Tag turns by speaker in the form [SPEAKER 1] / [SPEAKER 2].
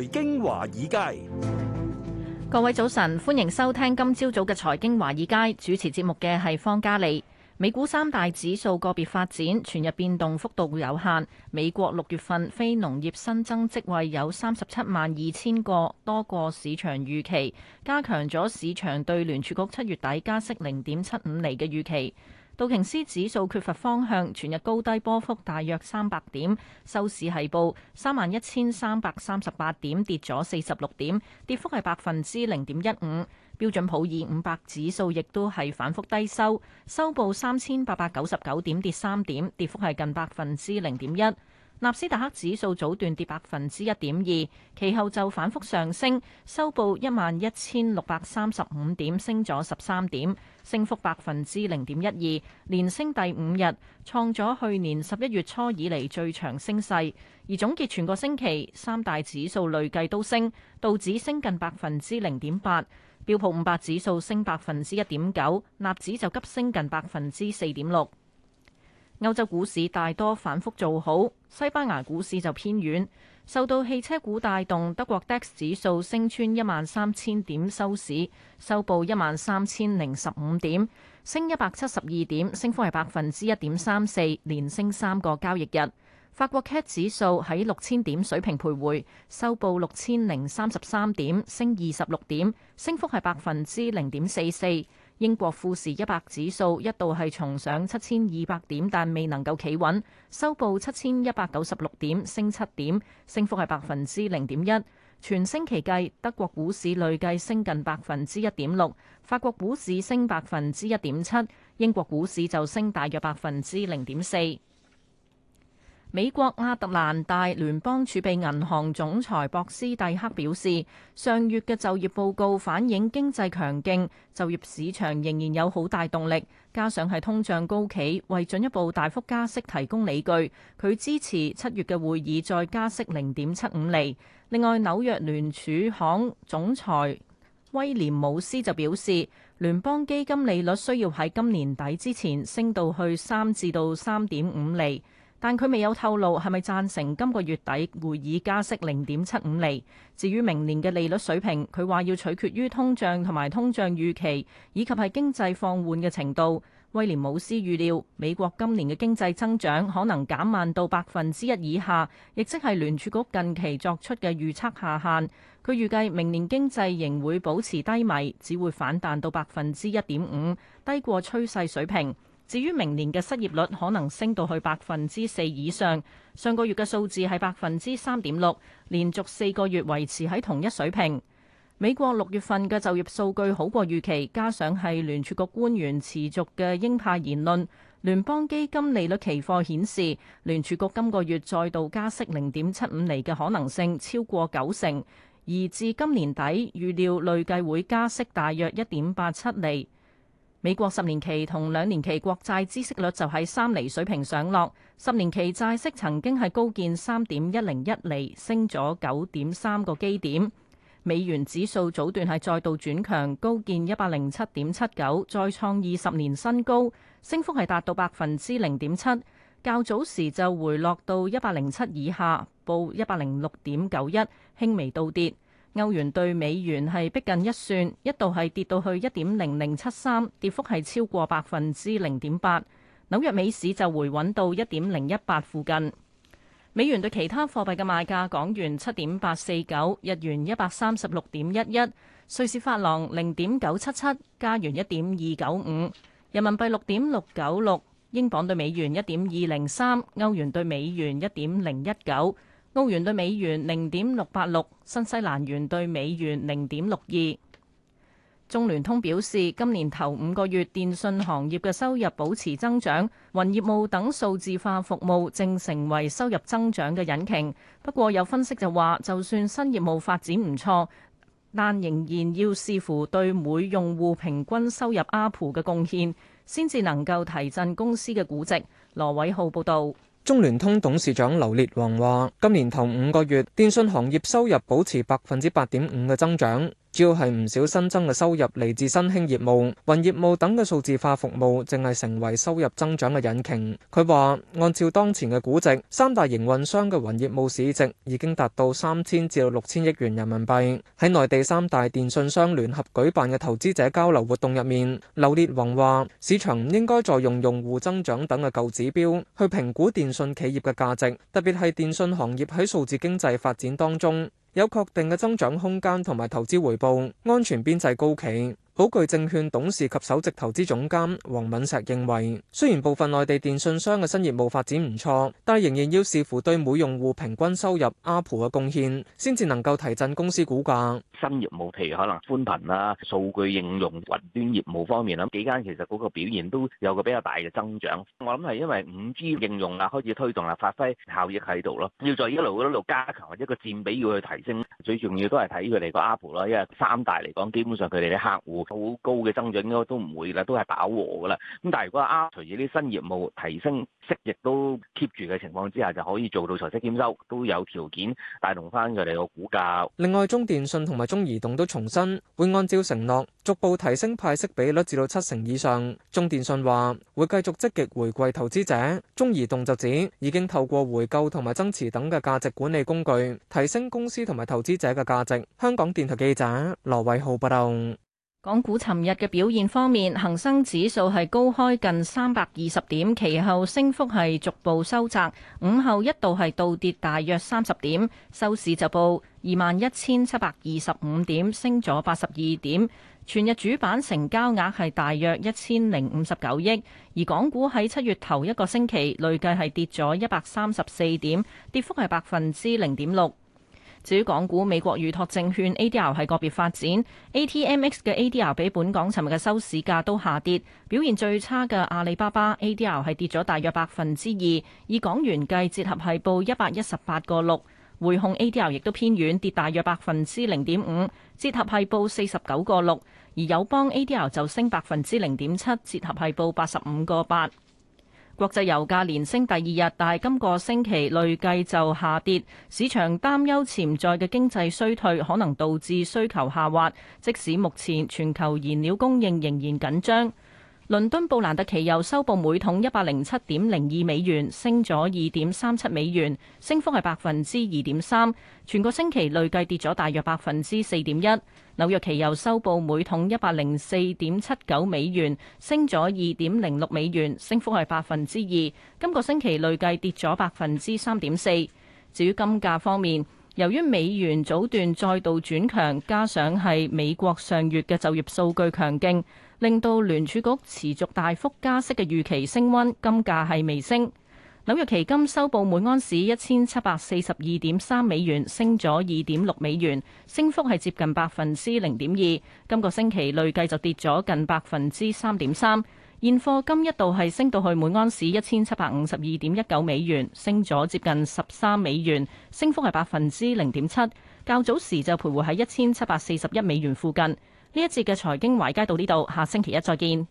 [SPEAKER 1] 財經華爾
[SPEAKER 2] 街，各位早晨，歡迎收聽今朝早嘅財經華爾街。主持節目嘅係方嘉利。美股三大指數個別發展，全日變動幅度有限。美國六月份非農業新增職位有三十七萬二千個，多過市場預期，加強咗市場對聯儲局七月底加息零點七五厘嘅預期。道瓊斯指數缺乏方向，全日高低波幅大約三百點，收市係報三萬一千三百三十八點，跌咗四十六點，跌幅係百分之零點一五。標準普爾五百指數亦都係反復低收，收報三千八百九十九點，跌三點，跌幅係近百分之零點一。納斯達克指數早段跌百分之一點二，其後就反覆上升，收報一萬一千六百三十五點，升咗十三點，升幅百分之零點一二，連升第五日，創咗去年十一月初以嚟最長升勢。而總結全個星期，三大指數累計都升，道指升近百分之零點八，標普五百指數升百分之一點九，納指就急升近百分之四點六。歐洲股市大多反覆做好，西班牙股市就偏軟，受到汽車股帶動，德國 DAX 指數升穿一萬三千點收市，收報一萬三千零十五點，升一百七十二點，升幅係百分之一點三四，連升三個交易日。法國 CAC 指數喺六千點水平徘徊，收報六千零三十三點，升二十六點，升幅係百分之零點四四。英國富時一百指數一度係重上七千二百點，但未能夠企穩，收報七千一百九十六點，升七點，升幅係百分之零點一。全星期計，德國股市累計升近百分之一點六，法國股市升百分之一點七，英國股市就升大約百分之零點四。美國亞特蘭大聯邦儲備銀行總裁博斯蒂克表示，上月嘅就業報告反映經濟強勁，就業市場仍然有好大動力，加上係通脹高企，為進一步大幅加息提供理據。佢支持七月嘅會議再加息零點七五厘。另外，紐約聯儲行總裁威廉姆斯就表示，聯邦基金利率需要喺今年底之前升到去三至到三點五厘。但佢未有透露係咪贊成今個月底會議加息零點七五厘。至於明年嘅利率水平，佢話要取決於通脹同埋通脹預期，以及係經濟放緩嘅程度。威廉姆斯預料美國今年嘅經濟增長可能減慢到百分之一以下，亦即係聯儲局近期作出嘅預測下限。佢預計明年經濟仍會保持低迷，只會反彈到百分之一點五，低過趨勢水平。至於明年嘅失業率可能升到去百分之四以上，上個月嘅數字係百分之三點六，連續四個月維持喺同一水平。美國六月份嘅就業數據好過預期，加上係聯儲局官員持續嘅鷹派言論，聯邦基金利率期貨顯示，聯儲局今個月再度加息零點七五厘嘅可能性超過九成，而至今年底，預料累計會加息大約一點八七厘。美國十年期同兩年期國債孳息率就喺三厘水平上落，十年期債息曾經係高見三點一零一厘，升咗九點三個基點。美元指數早段係再度轉強，高見一百零七點七九，再創二十年新高，升幅係達到百分之零點七。較早時就回落到一百零七以下，報一百零六點九一，輕微倒跌。歐元對美元係逼近一算，一度係跌到去一點零零七三，跌幅係超過百分之零點八。紐約美市就回穩到一點零一八附近。美元對其他貨幣嘅賣價：港元七點八四九，日元一百三十六點一一，瑞士法郎零點九七七，加元一點二九五，人民幣六點六九六，英鎊對美元一點二零三，歐元對美元一點零一九。澳元兌美元零點六八六，新西蘭元兌美元零點六二。中聯通表示，今年頭五個月電信行業嘅收入保持增長，雲業務等數字化服務正成為收入增長嘅引擎。不過有分析就話，就算新業務發展唔錯，但仍然要視乎對每用戶平均收入 ARPU 嘅貢獻先至能夠提振公司嘅估值。羅偉浩報道。
[SPEAKER 1] 中聯通董事長劉烈宏話：今年頭五個月，電信行業收入保持百分之八點五嘅增長。主要係唔少新增嘅收入嚟自新興業務、雲業務等嘅數字化服務，淨係成為收入增長嘅引擎。佢話：按照當前嘅估值，三大營運商嘅雲業務市值已經達到三千至六千億元人民幣。喺內地三大電信商聯合舉辦嘅投資者交流活動入面，劉烈宏話：市場唔應該再用用戶增長等嘅舊指標去評估電信企業嘅價值，特別係電信行業喺數字經濟發展當中。有確定嘅增長空間同埋投資回報，安全邊際高企。寶鉅證券董事及首席投資總監黃敏石認為，雖然部分內地電信商嘅新業務發展唔錯，但係仍然要視乎對每用戶平均收入 ARPU 嘅貢獻，先至能夠提振公司股價。新業務譬如可能寬頻啦、數據應用、雲端業務方面，咁幾間其實嗰個表現都有個比較大嘅增長。我諗係因為五 G 應用啊，開始推動啦，發揮效益喺度咯。要在一路一路加強，或者個佔比要去提升。最重要都係睇佢哋個 ARPU 咯，因為三大嚟講，基本上佢哋啲客戶。好高嘅增長應該，都唔會啦，都係飽和噶啦。咁但係如果啱隨住啲新業務提升息亦都 keep 住嘅情況之下，就可以做到財息兼收，都有條件帶動翻佢哋個股價。另外，中電信同埋中移動都重申會按照承諾逐步提升派息比率至到七成以上。中電信話會繼續積極回饋投資者，中移動就指已經透過回購同埋增持等嘅價值管理工具提升公司同埋投資者嘅價值。香港電台記者羅偉浩報道。
[SPEAKER 2] 港股尋日嘅表現方面，恒生指數係高開近三百二十點，其後升幅係逐步收窄，午後一度係倒跌大約三十點，收市就報二萬一千七百二十五點，升咗八十二點。全日主板成交額係大約一千零五十九億，而港股喺七月頭一個星期累計係跌咗一百三十四點，跌幅係百分之零點六。至於港股，美國預託證券 A D R 係個別發展，A T M X 嘅 A D R 比本港尋日嘅收市價都下跌，表現最差嘅阿里巴巴 A D R 係跌咗大約百分之二，以港元計，折合係報一百一十八個六，匯控 A D R 亦都偏軟，跌大約百分之零點五，折合係報四十九個六。而友邦 A D R 就升百分之零點七，折合係報八十五個八。國際油價連升第二日，但係今個星期累計就下跌。市場擔憂潛在嘅經濟衰退可能導致需求下滑，即使目前全球燃料供應仍然緊張。倫敦布蘭特期油收報每桶一百零七點零二美元，升咗二點三七美元，升幅係百分之二點三，全個星期累計跌咗大約百分之四點一。紐約期油收報每桶一百零四點七九美元，升咗二點零六美元，升幅係百分之二，今個星期累計跌咗百分之三點四。至於金價方面，由於美元早段再度轉強，加上係美國上月嘅就業數據強勁。令到聯儲局持續大幅加息嘅預期升溫，金價係未升。紐約期金收報每安士一千七百四十二點三美元，升咗二點六美元，升幅係接近百分之零點二。今個星期累計就跌咗近百分之三點三。現貨金一度係升到去每安士一千七百五十二點一九美元，升咗接近十三美元，升幅係百分之零點七。較早時就徘徊喺一千七百四十一美元附近。呢一節嘅財經華爾街到呢度，下星期一再見。